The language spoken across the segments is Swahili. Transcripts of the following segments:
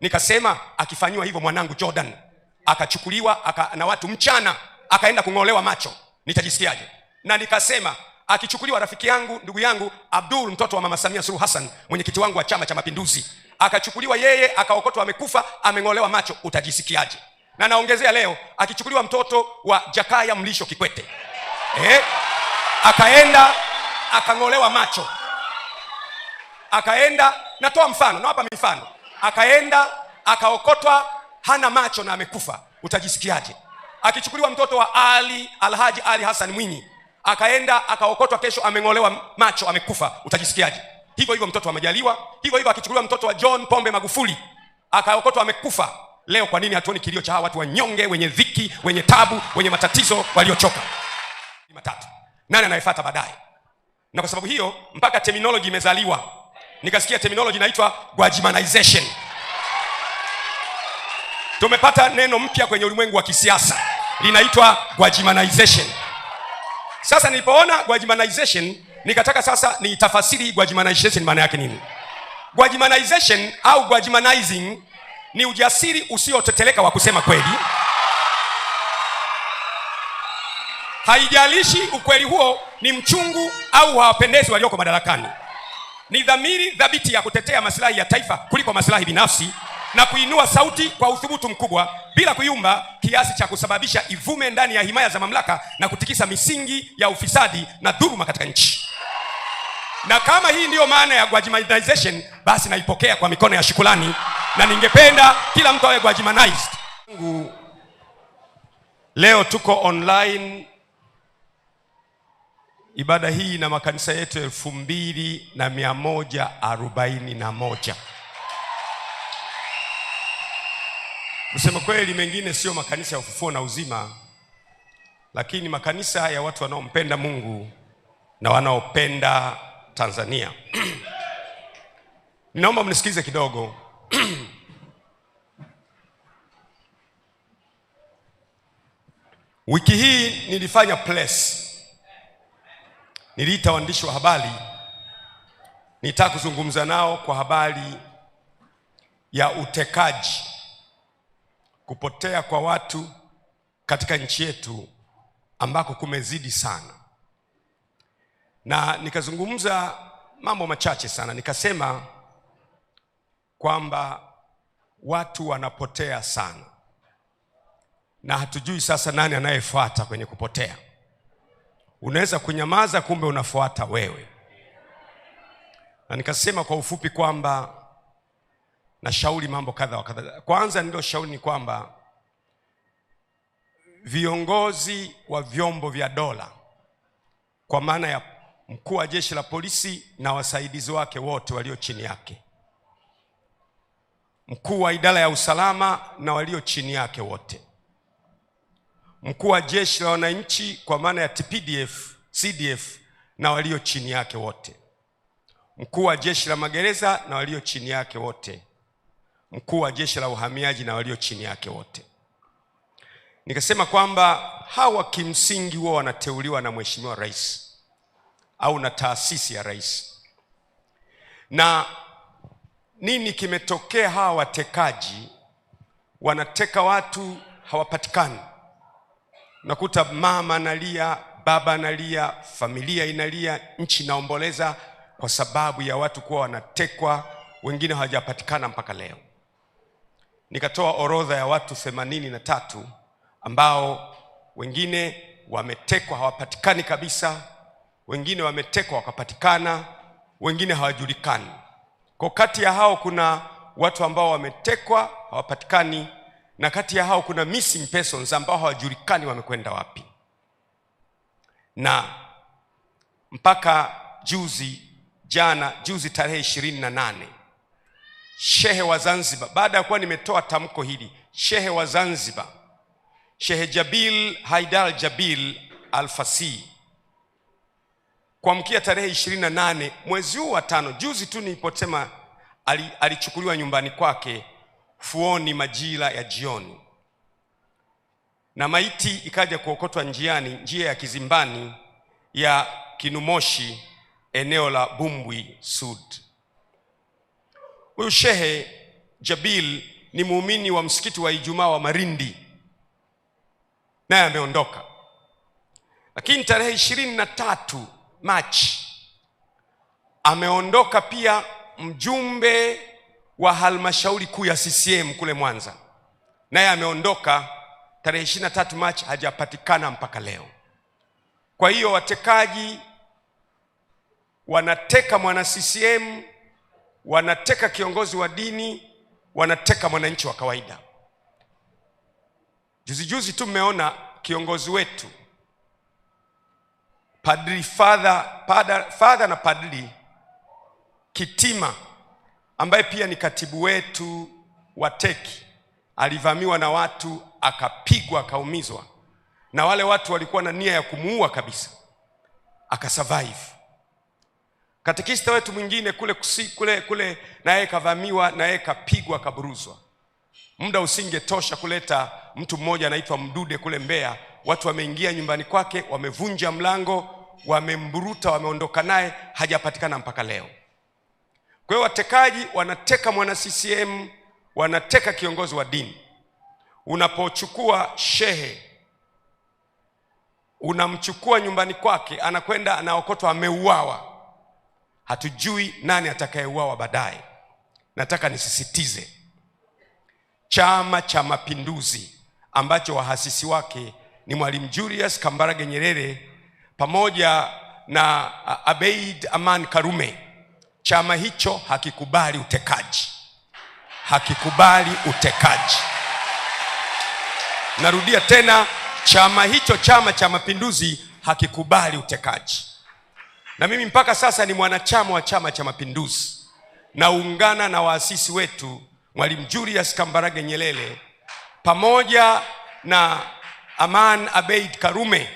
Nikasema akifanyiwa hivyo mwanangu Jordan akachukuliwa aka, na watu mchana akaenda kung'olewa macho nitajisikiaje? Na nikasema akichukuliwa rafiki yangu ndugu yangu Abdul mtoto wa mama Samia Suluhu Hassan mwenyekiti wangu wa Chama cha Mapinduzi akachukuliwa yeye akaokotwa, amekufa ameng'olewa macho, utajisikiaje? Na naongezea leo akichukuliwa mtoto wa Jakaya Mlisho Kikwete eh, akaenda akang'olewa macho, akaenda. Natoa mfano, nawapa mifano akaenda akaokotwa hana macho na amekufa, utajisikiaje? Akichukuliwa mtoto wa Ali Alhaji Ali Hassan Mwinyi akaenda akaokotwa, kesho ameng'olewa macho, amekufa, utajisikiaje? Hivyo hivyo mtoto amejaliwa hivyo hivyo akichukuliwa mtoto wa John Pombe Magufuli akaokotwa, amekufa. Leo kwa nini hatuoni kilio cha hawa watu wanyonge, wenye dhiki, wenye tabu, wenye matatizo, waliochoka? Matatu, nani anayefuata baadaye? Na kwa sababu hiyo mpaka terminology imezaliwa nikasikia terminology inaitwa Gwajimanization. Tumepata neno mpya kwenye ulimwengu wa kisiasa linaitwa Gwajimanization. Sasa nilipoona Gwajimanization nikataka sasa niitafasiri Gwajimanization maana yake nini? Gwajimanization au Gwajimanizing ni ujasiri usioteteleka wa kusema kweli. Haijalishi ukweli huo ni mchungu au hawapendezi walioko madarakani ni dhamiri dhabiti ya kutetea maslahi ya taifa kuliko maslahi binafsi na kuinua sauti kwa uthubutu mkubwa bila kuyumba kiasi cha kusababisha ivume ndani ya himaya za mamlaka na kutikisa misingi ya ufisadi na dhuluma katika nchi. Na kama hii ndiyo maana ya Gwajimanization, basi naipokea kwa mikono ya shukrani, na ningependa kila mtu awe Gwajimanized. Leo tuko online Ibada hii na makanisa yetu elfu mbili na mia moja arobaini na moja. Kusema kweli, mengine sio makanisa ya ufufuo na uzima, lakini makanisa ya watu wanaompenda Mungu na wanaopenda Tanzania. Ninaomba mnisikize kidogo. Wiki hii nilifanya place Niliita waandishi wa habari, nitaka kuzungumza nao kwa habari ya utekaji, kupotea kwa watu katika nchi yetu ambako kumezidi sana, na nikazungumza mambo machache sana. Nikasema kwamba watu wanapotea sana, na hatujui sasa nani anayefuata kwenye kupotea unaweza kunyamaza, kumbe unafuata wewe. Na nikasema kwa ufupi kwamba nashauri mambo kadha wa kadha. Kwanza nililoshauri ni kwamba viongozi wa vyombo vya dola kwa maana ya mkuu wa jeshi la polisi na wasaidizi wake wote walio chini yake, mkuu wa idara ya usalama na walio chini yake wote, mkuu wa jeshi la wananchi kwa maana ya TPDF, CDF na walio chini yake wote, mkuu wa jeshi la magereza na walio chini yake wote, mkuu wa jeshi la uhamiaji na walio chini yake wote. Nikasema kwamba hawa kimsingi huwa wanateuliwa na mheshimiwa rais au na taasisi ya rais. Na nini kimetokea? Hawa watekaji wanateka watu hawapatikani Unakuta mama analia, baba analia, familia inalia, nchi inaomboleza kwa sababu ya watu kuwa wanatekwa, wengine hawajapatikana mpaka leo. Nikatoa orodha ya watu themanini na tatu ambao wengine wametekwa hawapatikani kabisa, wengine wametekwa wakapatikana, wengine hawajulikani. Kwa kati ya hao kuna watu ambao wametekwa hawapatikani na kati ya hao kuna missing persons ambao hawajulikani wamekwenda wapi, na mpaka juzi jana, juzi tarehe ishirini na nane shehe wa Zanzibar, baada ya kuwa nimetoa tamko hili, shehe wa Zanzibar, Shehe Jabil Haidar Jabil Alfasi kuamkia tarehe ishirini na nane mwezi huu wa tano, juzi tu niliposema, alichukuliwa nyumbani kwake fuoni majira ya jioni, na maiti ikaja kuokotwa njiani, njia ya Kizimbani ya Kinumoshi, eneo la Bumbwi Sud. Huyu Shehe Jabil ni muumini wa msikiti wa Ijumaa wa Marindi, naye ameondoka. Lakini tarehe ishirini na tatu Machi ameondoka pia mjumbe wa halmashauri kuu ya CCM kule Mwanza, naye ameondoka tarehe 23 Machi, hajapatikana mpaka leo. Kwa hiyo watekaji wanateka mwana CCM, wanateka kiongozi wa dini, wanateka mwananchi wa kawaida. Juzi juzi tu mmeona kiongozi wetu padri father, father na padri Kitima ambaye pia ni katibu wetu wa teki alivamiwa na watu akapigwa akaumizwa, na wale watu walikuwa na nia ya kumuua kabisa, akasurvive. katikista wetu mwingine kule kusi, kule kule naye kavamiwa yeye kapigwa akaburuzwa. Muda usingetosha kuleta mtu mmoja anaitwa Mdude kule mbea watu wameingia nyumbani kwake, wamevunja mlango, wamemburuta, wameondoka naye, hajapatikana mpaka leo. Kwa hiyo watekaji wanateka mwana CCM, wanateka kiongozi wa dini. Unapochukua shehe, unamchukua nyumbani kwake, anakwenda anaokotwa, ameuawa. Hatujui nani atakayeuawa baadaye. Nataka nisisitize, Chama cha Mapinduzi ambacho wahasisi wake ni Mwalimu Julius Kambarage Nyerere pamoja na Abeid Aman Karume Chama hicho hakikubali utekaji, hakikubali utekaji. Narudia tena, chama hicho, Chama cha Mapinduzi, hakikubali utekaji. Na mimi mpaka sasa ni mwanachama wa Chama cha Mapinduzi, naungana na waasisi wetu Mwalimu Julius Kambarage nyelele pamoja na Aman Abeid Karume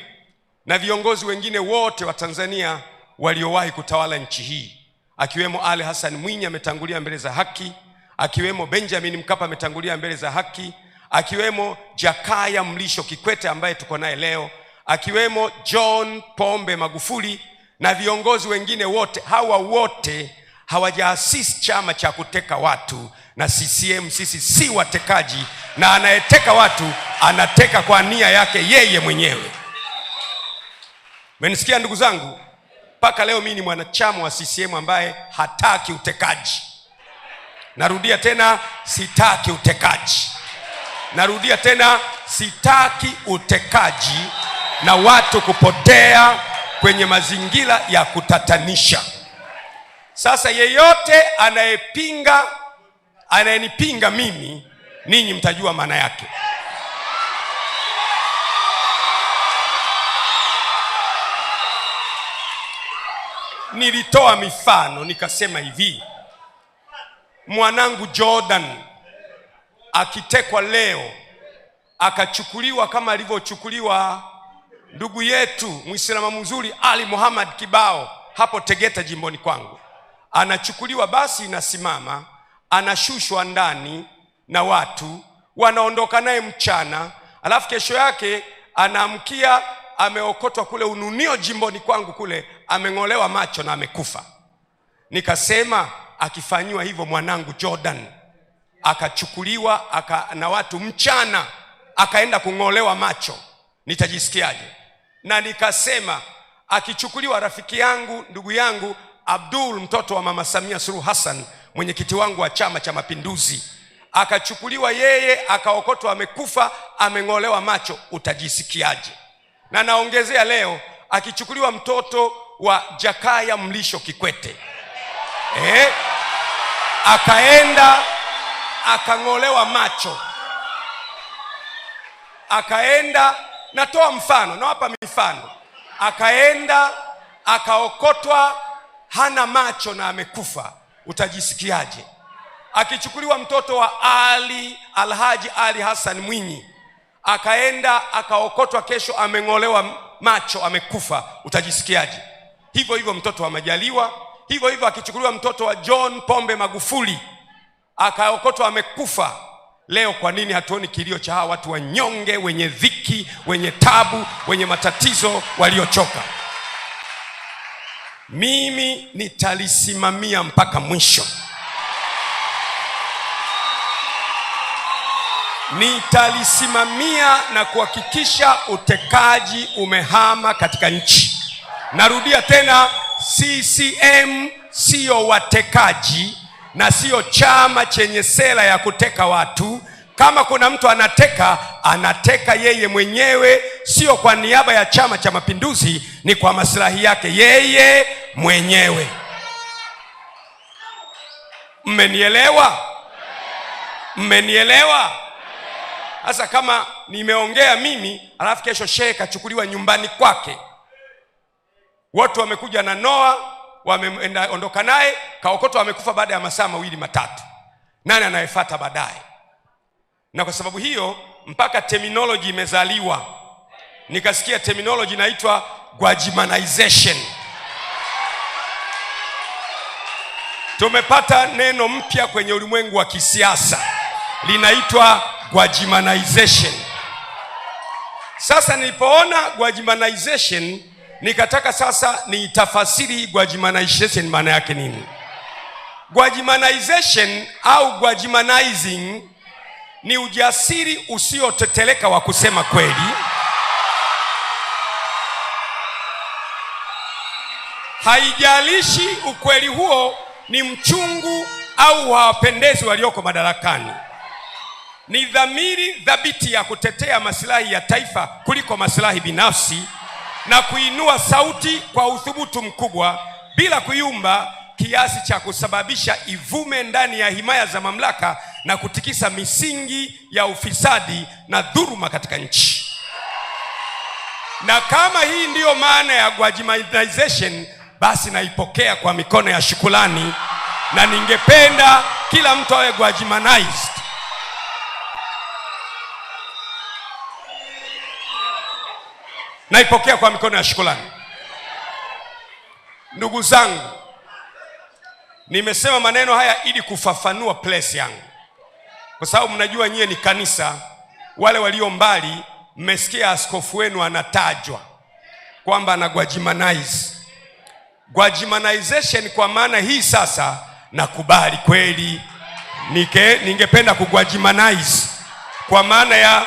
na viongozi wengine wote wa Tanzania waliowahi kutawala nchi hii akiwemo Ali Hassan Mwinyi ametangulia mbele za haki, akiwemo Benjamin Mkapa ametangulia mbele za haki, akiwemo Jakaya Mlisho Kikwete ambaye tuko naye leo, akiwemo John Pombe Magufuli na viongozi wengine wote. Hawa wote hawajaasisi chama cha kuteka watu na CCM. Sisi si watekaji, na anayeteka watu anateka kwa nia yake yeye mwenyewe. Menisikia ndugu zangu? mpaka leo mimi ni mwanachama wa CCM ambaye hataki utekaji. Narudia tena, sitaki utekaji. Narudia tena, sitaki utekaji na watu kupotea kwenye mazingira ya kutatanisha. Sasa yeyote anayepinga, anayenipinga mimi, ninyi mtajua maana yake. nilitoa mifano nikasema hivi, mwanangu Jordan akitekwa leo akachukuliwa kama alivyochukuliwa ndugu yetu Muislamu mzuri Ali Muhammad Kibao hapo Tegeta jimboni kwangu, anachukuliwa basi inasimama, anashushwa ndani na watu wanaondoka naye mchana, alafu kesho yake anaamkia ameokotwa kule Ununio jimboni kwangu kule ameng'olewa macho na amekufa. Nikasema akifanyiwa hivyo mwanangu Jordan akachukuliwa aka, na watu mchana akaenda kung'olewa macho nitajisikiaje? Na nikasema akichukuliwa rafiki yangu ndugu yangu Abdul mtoto wa mama Samia Suluhu Hassan mwenyekiti wangu wa Chama cha Mapinduzi akachukuliwa yeye akaokotwa amekufa ameng'olewa macho utajisikiaje? Na naongezea leo akichukuliwa mtoto wa Jakaya Mlisho Kikwete eh, akaenda akang'olewa macho, akaenda natoa mfano, nawapa mifano, akaenda akaokotwa hana macho na amekufa, utajisikiaje? Akichukuliwa mtoto wa Ali Alhaji Ali Hassan Mwinyi akaenda akaokotwa, kesho ameng'olewa macho, amekufa, utajisikiaje? hivyo hivyo mtoto wa Majaliwa, hivyo hivyo akichukuliwa mtoto wa John Pombe Magufuli akaokotwa amekufa. Leo kwa nini hatuoni kilio cha hawa watu wanyonge, wenye dhiki, wenye tabu, wenye matatizo, waliochoka? Mimi nitalisimamia mpaka mwisho, nitalisimamia na kuhakikisha utekaji umehama katika nchi. Narudia tena, CCM siyo watekaji na siyo chama chenye sera ya kuteka watu. Kama kuna mtu anateka, anateka yeye mwenyewe, sio kwa niaba ya Chama cha Mapinduzi, ni kwa maslahi yake yeye mwenyewe. Mmenielewa? Mmenielewa? Sasa kama nimeongea mimi, alafu kesho shehe kachukuliwa nyumbani kwake Watu wamekuja na Noa, wameondoka naye, kaokoto wamekufa baada ya masaa mawili matatu. Nani anayefuata baadaye? Na kwa sababu hiyo mpaka terminology imezaliwa, nikasikia terminology inaitwa Gwajimanization. Tumepata neno mpya kwenye ulimwengu wa kisiasa linaitwa Gwajimanization. Sasa nilipoona Gwajimanization nikataka sasa tafasiri guajimanization maana yake nini? guajimanization au guajimanizing ni ujasiri usioteteleka wa kusema kweli. Haijalishi ukweli huo ni mchungu au hawapendezi walioko madarakani. Ni dhamiri dhabiti ya kutetea maslahi ya taifa kuliko maslahi binafsi na kuinua sauti kwa uthubutu mkubwa bila kuyumba kiasi cha kusababisha ivume ndani ya himaya za mamlaka na kutikisa misingi ya ufisadi na dhuruma katika nchi. Na kama hii ndiyo maana ya Gwajimanization, basi naipokea kwa mikono ya shukulani na ningependa kila mtu awe Gwajimanized. naipokea kwa mikono ya shukrani. Ndugu zangu, nimesema maneno haya ili kufafanua place yangu, kwa sababu mnajua nyie ni kanisa. Wale walio mbali, mmesikia askofu wenu anatajwa kwamba anagwajimanize Gwajimanization kwa maana hii sasa, nakubali kweli, ningependa kugwajimanize kwa maana ya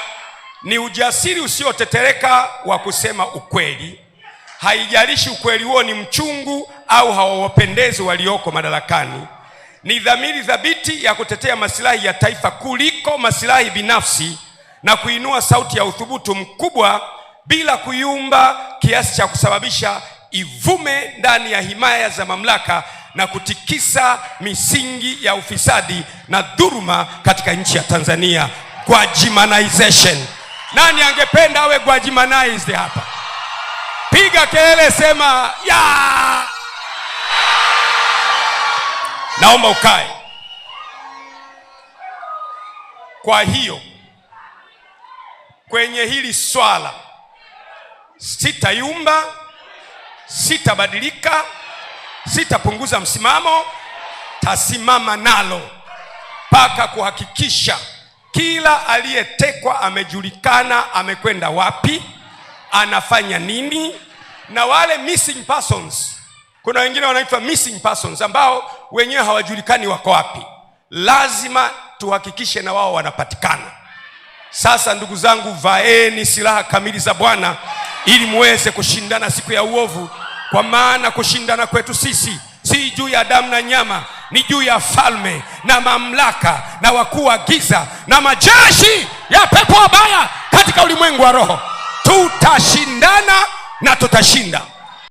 ni ujasiri usiotetereka wa kusema ukweli, haijalishi ukweli huo ni mchungu au hawawapendezi walioko madarakani. Ni dhamiri thabiti ya kutetea masilahi ya taifa kuliko masilahi binafsi na kuinua sauti ya uthubutu mkubwa bila kuyumba kiasi cha kusababisha ivume ndani ya himaya za mamlaka na kutikisa misingi ya ufisadi na dhuruma katika nchi ya Tanzania. Gwajimanization. Nani angependa awe Gwajimanized hapa? Piga kelele, sema ya! Naomba ukae. Kwa hiyo kwenye hili swala sitayumba, sitabadilika, sitapunguza msimamo, tasimama nalo mpaka kuhakikisha kila aliyetekwa amejulikana amekwenda wapi, anafanya nini, na wale missing persons, kuna wengine wanaitwa missing persons ambao wenyewe hawajulikani wako wapi, lazima tuhakikishe na wao wanapatikana. Sasa ndugu zangu, vaeni silaha kamili za Bwana ili muweze kushindana siku ya uovu, kwa maana kushindana kwetu sisi si juu ya damu na nyama ni juu ya falme na mamlaka na wakuu wa giza na majeshi ya pepo wabaya katika ulimwengu wa roho. Tutashindana na tutashinda.